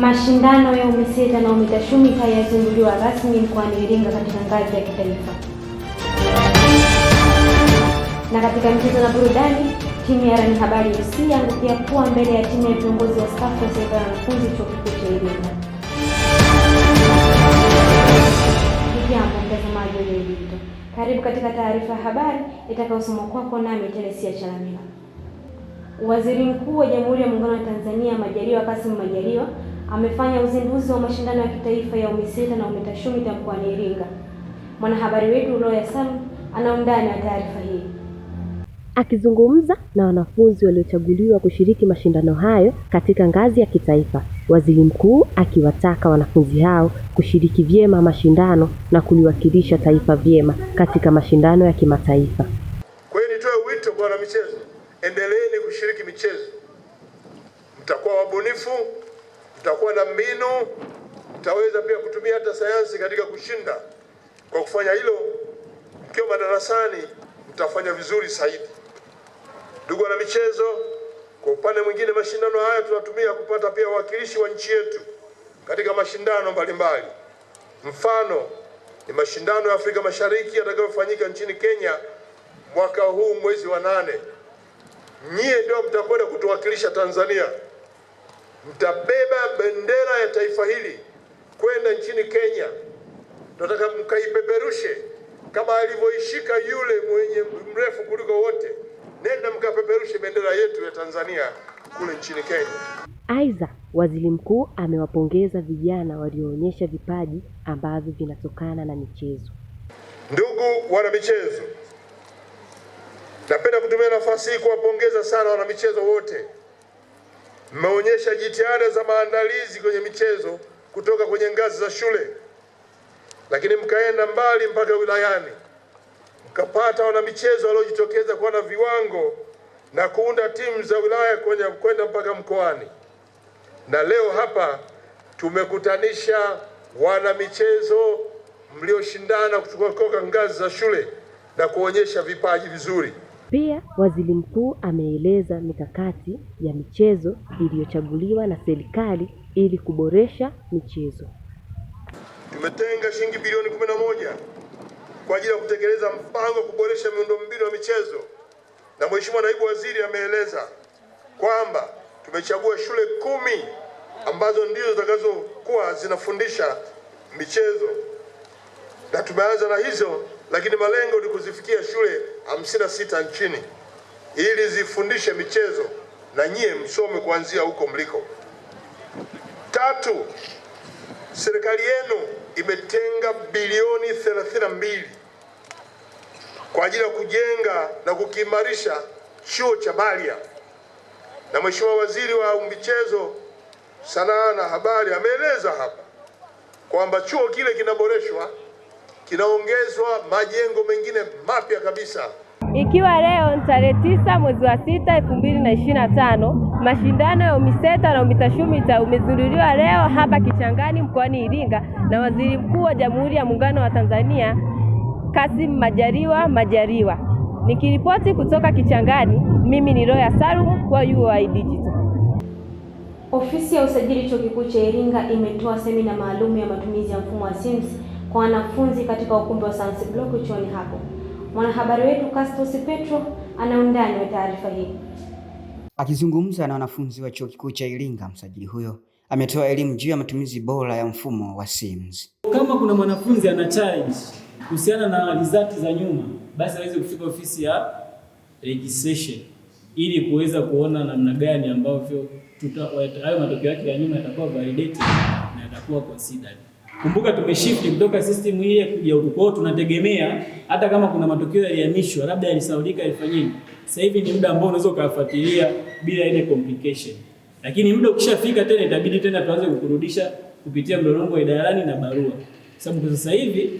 Mashindano ya UMISETA na UMITASHUMITA yazinduliwa rasmi mkoani Iringa katika ngazi ya kitaifa. Na katika michezo na burudani, timu ya Rani Habari FC yaangukia kuwa mbele ya timu ya viongozi wastaafu wa serikali ya wanafunzi chuo kikuu cha Iringa. Hujambo mtazamaji wa Digital, karibu katika taarifa ya habari itakayosomwa kwako nami Telesia Chalamila. Waziri Mkuu wa Jamhuri ya Muungano wa Tanzania Majaliwa Kassim Majaliwa amefanya uzinduzi wa mashindano ya kitaifa ya UMISETA na UMITASHUMITA mkoani Iringa. Mwanahabari wetu Roya Sam ana undani wa taarifa hii. Akizungumza na wanafunzi waliochaguliwa kushiriki mashindano hayo katika ngazi ya kitaifa, waziri mkuu akiwataka wanafunzi hao kushiriki vyema mashindano na kuliwakilisha taifa vyema katika mashindano ya kimataifa. Kwa hiyo nitoe wito kwa wanamichezo, endeleeni kushiriki michezo, mtakuwa wabunifu tutakuwa na mbinu, tutaweza pia kutumia hata sayansi katika kushinda. Kwa kufanya hilo, mkiwa madarasani mtafanya vizuri zaidi. Ndugu wana michezo, kwa upande mwingine, mashindano haya tunatumia kupata pia wawakilishi wa nchi yetu katika mashindano mbalimbali. Mfano ni mashindano ya Afrika Mashariki yatakayofanyika nchini Kenya mwaka huu mwezi wa nane. Nyie ndio mtakwenda kutuwakilisha Tanzania mtabeba bendera ya taifa hili kwenda nchini Kenya. Nataka mkaipeperushe kama alivyoishika yule mwenye mrefu kuliko wote. Nenda mkapeperushe bendera yetu ya Tanzania kule nchini Kenya. Aidha, waziri mkuu amewapongeza vijana walioonyesha vipaji ambavyo vinatokana na michezo. Ndugu wanamichezo, napenda kutumia nafasi hii kuwapongeza sana wanamichezo wote mmeonyesha jitihada za maandalizi kwenye michezo kutoka kwenye ngazi za shule, lakini mkaenda mbali mpaka wilayani, mkapata wanamichezo waliojitokeza kuwa na viwango na kuunda timu za wilaya kwenda mpaka mkoani, na leo hapa tumekutanisha wanamichezo mlioshindana kutoka ngazi za shule na kuonyesha vipaji vizuri. Pia waziri mkuu ameeleza mikakati ya michezo iliyochaguliwa na serikali ili kuboresha michezo. Tumetenga shilingi bilioni 11 kwa ajili ya kutekeleza mpango wa kuboresha miundombinu ya michezo, na Mheshimiwa naibu waziri ameeleza kwamba tumechagua shule kumi ambazo ndizo zitakazokuwa zinafundisha michezo na tumeanza na hizo lakini malengo ni kuzifikia shule 56 nchini ili zifundishe michezo na nyie msome kuanzia huko mliko. Tatu, serikali yenu imetenga bilioni 32 kwa ajili ya kujenga na kukiimarisha chuo cha balia na Mheshimiwa Waziri wa Michezo, Sanaa na Habari ameeleza hapa kwamba chuo kile kinaboreshwa kinaongezwa majengo mengine mapya kabisa. Ikiwa leo tarehe tisa mwezi wa sita elfu mbili na ishirini na tano mashindano ya UMISETA na UMITASHUMITA umezinduliwa leo hapa Kichangani mkoani Iringa na Waziri Mkuu wa Jamhuri ya Muungano wa Tanzania kasim Majaliwa Majaliwa. Nikiripoti kutoka Kichangani, mimi ni Roya Salum kwa UoI Digital. Ofisi ya usajili chuo kikuu cha Iringa imetoa semina maalum ya matumizi ya mfumo wa SIMS kwa wanafunzi katika ukumbi wa Science Block chuoni hapo. Mwanahabari wetu Castos Petro ana undani wa taarifa hii. Akizungumza na wanafunzi wa chuo kikuu cha Iringa, msajili huyo ametoa elimu juu ya matumizi bora ya mfumo wa SIMS. Kama kuna mwanafunzi ana challenge kuhusiana na result za nyuma, basi aweze kufika ofisi ya registration ili kuweza kuona namna gani ambavyo hayo matokeo yake ya nyuma yatakuwa validated na yatakuwa considered. Kumbuka tumeshifti kutoka system hii ya utuko, tunategemea hata kama kuna matukio yalihamishwa, labda yalisaulika yafanyeni. Sasa hivi ni muda ambao unaweza ukafuatilia bila ile complication, lakini muda ukishafika tena itabidi tena tuanze kukurudisha kupitia mlolongo wa idarani na barua, sababu kwa sasa hivi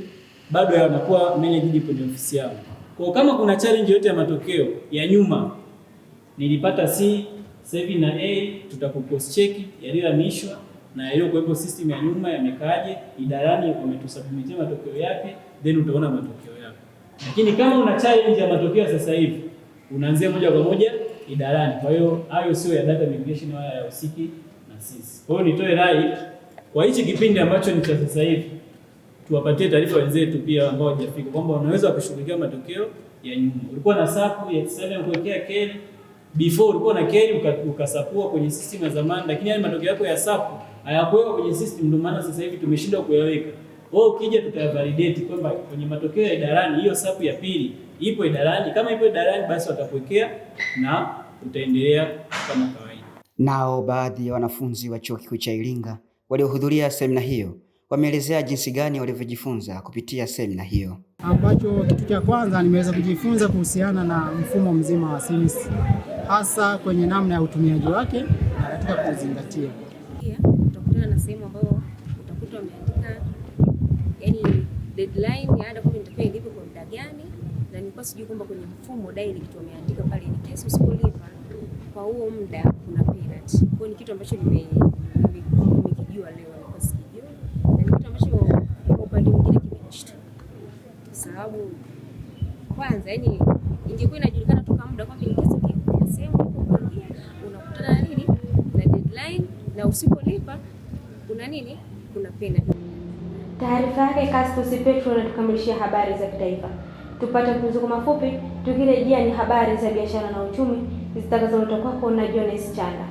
bado yanakuwa managed kwenye ofisi yao. Kwa kama kuna challenge yote ya matokeo ya nyuma, nilipata C sasa hivi na A, tutakupost check yaliyohamishwa na iliyokuwepo system ya nyuma yamekaje, idarani wametusubmitia matokeo yapi, then utaona matokeo yapi. Lakini kama una challenge ya matokeo sasa hivi, unaanzia moja kwa moja idarani. Kwa hiyo hayo sio ya data migration wala ya usiki na sisi. Kwa hiyo nitoe rai kwa hichi kipindi ambacho ni cha sasa hivi, tuwapatie taarifa wenzetu pia ambao hawajafika kwamba wanaweza kushughulikia matokeo ya nyuma. Ulikuwa na safu ya sasa kuwekea keli before ulikuwa na keli ukasapua kwenye system ya zamani, lakini yale matokeo yako ya safu hayakuwekwa kwenye system, ndio maana sasa hivi tumeshindwa kuyaweka. Wewe ukija tutayavalidate kwamba kwenye matokeo ya idarani hiyo sapu ya pili ipo idarani. Kama ipo idarani, basi watakuwekea na utaendelea kama kawaida. Nao baadhi ya wanafunzi wa Chuo Kikuu cha Iringa waliohudhuria semina hiyo wameelezea jinsi gani walivyojifunza kupitia semina hiyo. Ambacho kitu cha kwanza nimeweza kujifunza kuhusiana na mfumo mzima wa SIMS hasa kwenye namna ya utumiaji wake na katika kuzingatia kutegemewa na sehemu ambayo utakuta wameandika yani deadline ya ada kwamba nitakuwa ilipe kwa muda gani, na nilikuwa sijui kwamba kwenye mfumo direct wameandika pale ni kesi usipolipa kwa huo muda kuna penalty. Kwa hiyo ni kitu ambacho nimekijua leo, nilikuwa sikijua, na ni kitu ambacho kwa upande mwingine kimenishtua, sababu kwanza yani ingekuwa Taarifa yake Kaspus Petro inatukamilishia habari za kitaifa. Tupate mapumziko mafupi, tukirejea ni habari za biashara na uchumi zitakazoletwa kwako na Jones Chanda.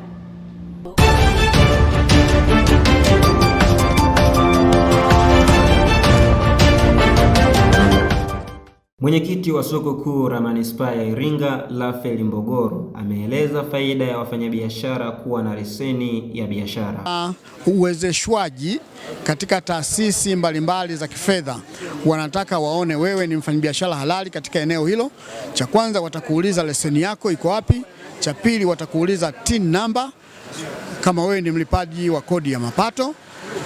Mwenyekiti wa soko kuu la manispaa ya Iringa lafeli Mbogoro ameeleza faida ya wafanyabiashara kuwa na leseni ya biashara. Uwezeshwaji katika taasisi mbalimbali za kifedha, wanataka waone wewe ni mfanyabiashara halali katika eneo hilo. Cha kwanza watakuuliza leseni yako iko wapi, cha pili watakuuliza TIN namba kama wewe ni mlipaji wa kodi ya mapato.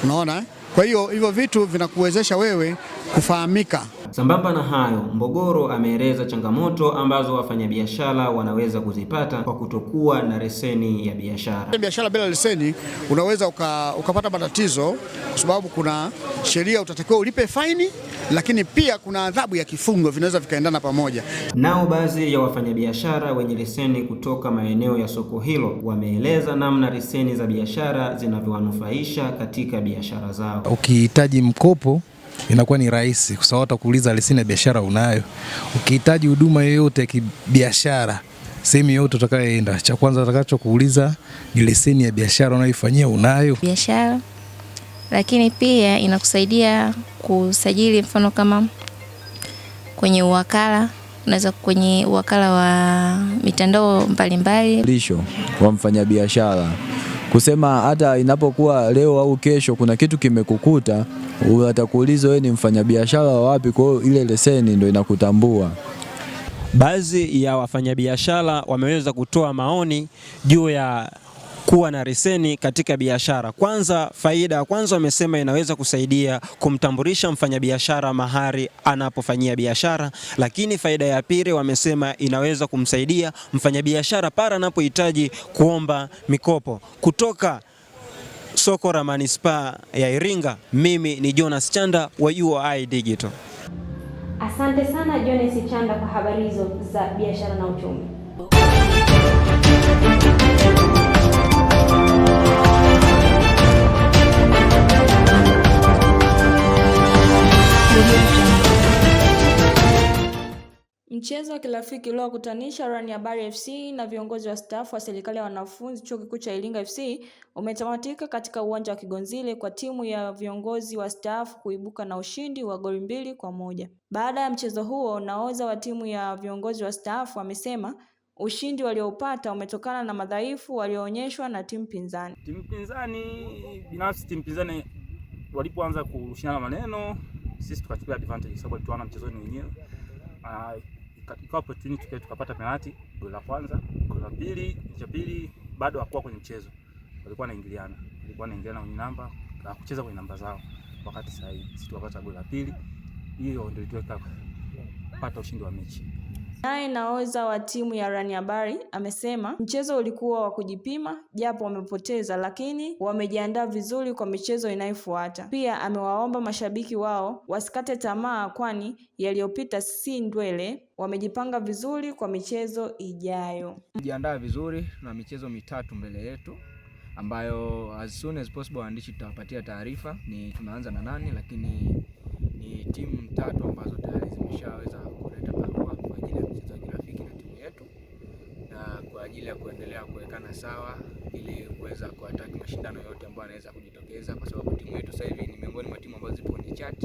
Unaona eh? Kwa hiyo hivyo vitu vinakuwezesha wewe kufahamika. Sambamba na hayo, Mbogoro ameeleza changamoto ambazo wafanyabiashara wanaweza kuzipata kwa kutokuwa na leseni ya biashara. Biashara bila leseni unaweza uka, ukapata matatizo kwa sababu kuna sheria utatakiwa ulipe faini, lakini pia kuna adhabu ya kifungo, vinaweza vikaendana pamoja. Nao baadhi ya wafanyabiashara wenye leseni kutoka maeneo ya soko hilo wameeleza namna leseni za biashara zinavyowanufaisha katika biashara zao. Ukihitaji mkopo inakuwa ni rahisi kwa sababu watakuuliza leseni ya biashara unayo. Ukihitaji huduma yoyote ya kibiashara sehemu yoyote utakayoenda, cha kwanza utakachokuuliza ni leseni ya biashara unayoifanyia unayo biashara. Lakini pia inakusaidia kusajili, mfano kama kwenye uwakala, unaweza kwenye uwakala wa mitandao mbalimbali. Lisho wa mfanyabiashara kusema hata inapokuwa leo au kesho kuna kitu kimekukuta watakuuliza wewe ni mfanyabiashara wa wapi, kwa hiyo ile leseni ndio inakutambua. Baadhi ya wafanyabiashara wameweza kutoa maoni juu ya kuwa na leseni katika biashara. Kwanza faida ya kwanza wamesema inaweza kusaidia kumtambulisha mfanyabiashara mahali anapofanyia biashara, lakini faida ya pili wamesema inaweza kumsaidia mfanyabiashara pale anapohitaji kuomba mikopo kutoka soko la manispaa ya Iringa. Mimi ni Jonas Chanda wa UoI Digital. Asante sana Jonas Chanda kwa habari hizo za biashara na uchumi. Mchezo wa kirafiki uliokutanisha ya Bari FC na viongozi wa wastaafu wa serikali ya wanafunzi chuo kikuu cha Iringa FC umetamatika katika uwanja wa Kigonzile kwa timu ya viongozi wa wastaafu kuibuka na ushindi wa goli mbili kwa moja. Baada ya mchezo huo, naoza wa timu ya viongozi wa wastaafu amesema ushindi walioupata umetokana na madhaifu walioonyeshwa na timu pinzani. Timu pinzani binafsi, timu pinzani walipoanza kurushiana maneno, sisi tukachukua advantage sababu tuliona mchezo wenyewe. Ah, katika opportunity tukapata penalty goli la kwanza, goli la pili, cha pili bado hakuwa kwenye mchezo. Walikuwa wanaingiliana. Walikuwa wanaingiliana kwenye namba, kucheza kwenye namba zao. Wakati sahihi sisi tukapata goli la pili. Hiyo ndio ilituweka pata ushindi wa mechi. Naye naoza wa timu ya Habari amesema mchezo ulikuwa wa kujipima, japo wamepoteza, lakini wamejiandaa vizuri kwa michezo inayofuata. Pia amewaomba mashabiki wao wasikate tamaa, kwani yaliyopita si ndwele. Wamejipanga vizuri kwa michezo ijayo. Jiandaa vizuri na michezo mitatu mbele yetu ambayo as soon as possible waandishi tutawapatia taarifa ni tunaanza na nani, lakini ni timu tatu ambazo tayari zimeshaweza kuleta ajili ya kuendelea kuwekana sawa ili kuweza kuattack mashindano yote ambayo anaweza kujitokeza, kwa sababu timu yetu sasa hivi ni miongoni mwa timu ambazo zipo kwenye chat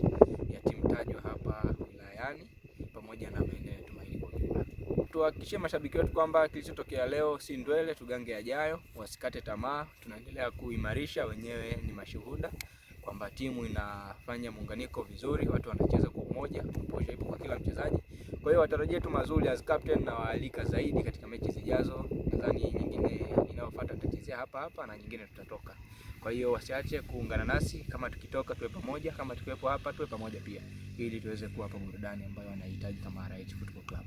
ya timu tajwa hapa wilayani pamoja na maeneo ya Tumaini kwa jumla. Tuhakikishie mashabiki wetu kwamba kilichotokea leo si ndwele, tugange yajayo, wasikate tamaa, tunaendelea kuimarisha. Wenyewe ni mashuhuda kwamba timu inafanya muunganiko vizuri, watu wanacheza kwa umoja, posha ipo kwa kila mchezaji. Kwa hiyo watarajie tu mazuri as captain, na waalika zaidi katika mechi zijazo nadhani nyingine inayofuata tutachezea hapa hapa na nyingine tutatoka. Kwa hiyo wasiache kuungana nasi, kama tukitoka tuwe pamoja, kama tukiwepo hapa tuwe pamoja pia, ili tuweze kuwapa burudani ambayo wanahitaji kama RH Football Club.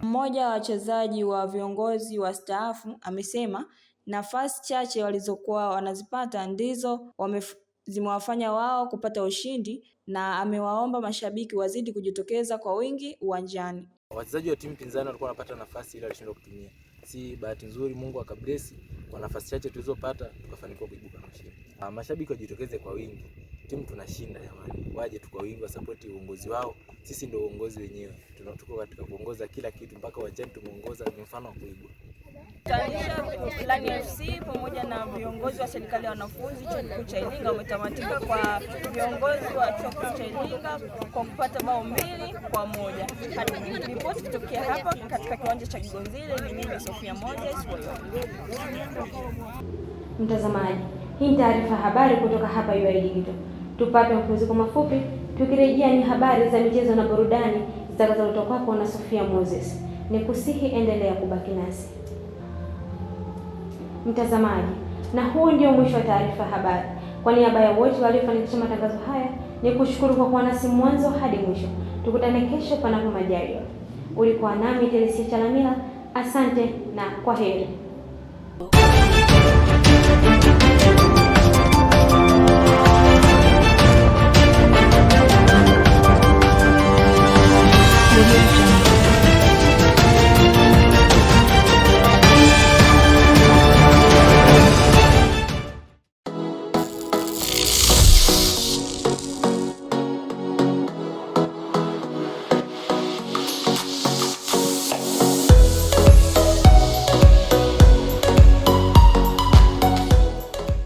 Mmoja wa wachezaji wa viongozi wa staafu amesema nafasi chache walizokuwa wanazipata ndizo zimewafanya wao kupata ushindi, na amewaomba mashabiki wazidi kujitokeza kwa wingi uwanjani. Wachezaji wa timu pinzani walikuwa wanapata nafasi ile walishindwa kutumia. Si bahati nzuri, Mungu akabless kwa nafasi chache tulizopata tukafanikiwa kuibuka mshindi. Ah, mashabiki wajitokeze kwa wingi. Timu tunashinda jamani. Waje tu kwa wingi wa support uongozi wao. Sisi ndio uongozi wenyewe. Tunatoka katika kuongoza kila kitu mpaka uwanjani tumeongoza ni mfano wa kuigwa. Tanisha Plan FC pamoja na viongozi wa serikali ya wanafunzi chuo kikuu cha Iringa umetamatika kwa viongozi wa chuo kikuu cha Iringa kwa kupata bao mbili kwa moja. Ripoti kutokea hapa katika kiwanja cha Kigonzile. Ni mimi Sofia Moses. Mtazamaji, hii ni taarifa habari kutoka hapa UoI Digital. Tupate mapumziko mafupi, tukirejea ni habari za michezo na burudani zitakazoletwa kwako na Sofia Moses. Nikusihi endelea kubaki nasi mtazamaji, na huu ndio mwisho wa taarifa ya habari. Kwa niaba ya wote waliofanikisha matangazo haya, ni kushukuru kwa kuwa nasi mwanzo hadi mwisho. Tukutane kesho, panapo majaliwa. Ulikuwa nami Teresia Chalamila, asante na kwa heri.